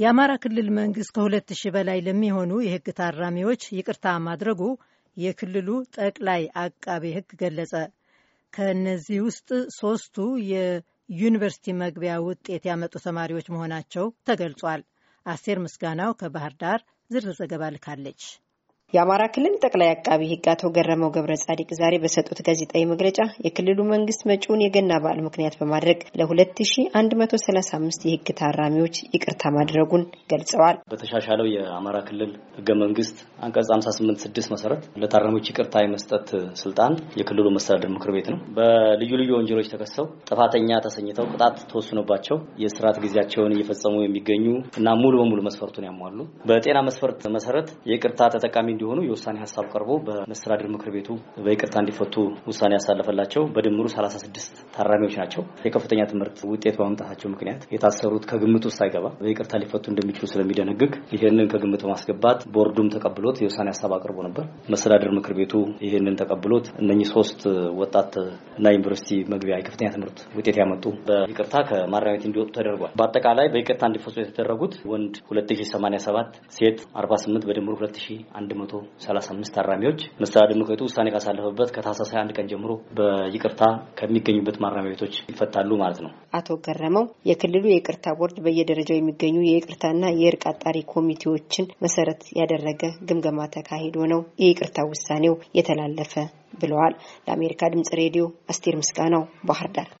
የአማራ ክልል መንግስት ከሁለት ሺህ በላይ ለሚሆኑ የህግ ታራሚዎች ይቅርታ ማድረጉ የክልሉ ጠቅላይ አቃቤ ህግ ገለጸ። ከእነዚህ ውስጥ ሶስቱ የዩኒቨርሲቲ መግቢያ ውጤት ያመጡ ተማሪዎች መሆናቸው ተገልጿል። አስቴር ምስጋናው ከባህር ዳር ዝርዝር ዘገባ ልካለች። የአማራ ክልል ጠቅላይ አቃቢ ሕግ አቶ ገረመው ገብረ ጻዲቅ ዛሬ በሰጡት ጋዜጣዊ መግለጫ የክልሉ መንግስት መጪውን የገና በዓል ምክንያት በማድረግ ለ2135 የህግ ታራሚዎች ይቅርታ ማድረጉን ገልጸዋል። በተሻሻለው የአማራ ክልል ህገ መንግስት አንቀጽ 586 መሰረት ለታራሚዎች ይቅርታ የመስጠት ስልጣን የክልሉ መስተዳደር ምክር ቤት ነው። በልዩ ልዩ ወንጀሎች ተከሰው ጥፋተኛ ተሰኝተው ቅጣት ተወስኖባቸው የስርዓት ጊዜያቸውን እየፈጸሙ የሚገኙ እና ሙሉ በሙሉ መስፈርቱን ያሟሉ በጤና መስፈርት መሰረት የቅርታ ተጠቃሚ እንዲሆኑ የውሳኔ ሀሳብ ቀርቦ በመስተዳድር ምክር ቤቱ በይቅርታ እንዲፈቱ ውሳኔ ያሳለፈላቸው በድምሩ 36 ታራሚዎች ናቸው። የከፍተኛ ትምህርት ውጤት በማምጣታቸው ምክንያት የታሰሩት ከግምት ውስጥ ሳይገባ በይቅርታ ሊፈቱ እንደሚችሉ ስለሚደነግግ ይህንን ከግምት በማስገባት ቦርዱም ተቀብሎት የውሳኔ ሀሳብ አቅርቦ ነበር። መስተዳድር ምክር ቤቱ ይህንን ተቀብሎት እነኚህ ሶስት ወጣት እና ዩኒቨርሲቲ መግቢያ የከፍተኛ ትምህርት ውጤት ያመጡ በይቅርታ ከማረሚያ ቤት እንዲወጡ ተደርጓል። በአጠቃላይ በይቅርታ እንዲፈቱ የተደረጉት ወንድ 2087፣ ሴት 48 በድምሩ 2100 135 ታራሚዎች መስተዳድር ምክር ቤቱ ውሳኔ ካሳለፈበት ከታህሳስ 1 ቀን ጀምሮ በይቅርታ ከሚገኙበት ማረሚያ ቤቶች ይፈታሉ ማለት ነው። አቶ ገረመው የክልሉ የይቅርታ ቦርድ በየደረጃው የሚገኙ የይቅርታና የእርቅ አጣሪ ኮሚቴዎችን መሰረት ያደረገ ግምገማ ተካሂዶ ነው የይቅርታ ውሳኔው የተላለፈ ብለዋል። ለአሜሪካ ድምጽ ሬዲዮ አስቴር ምስጋናው ባህር ዳር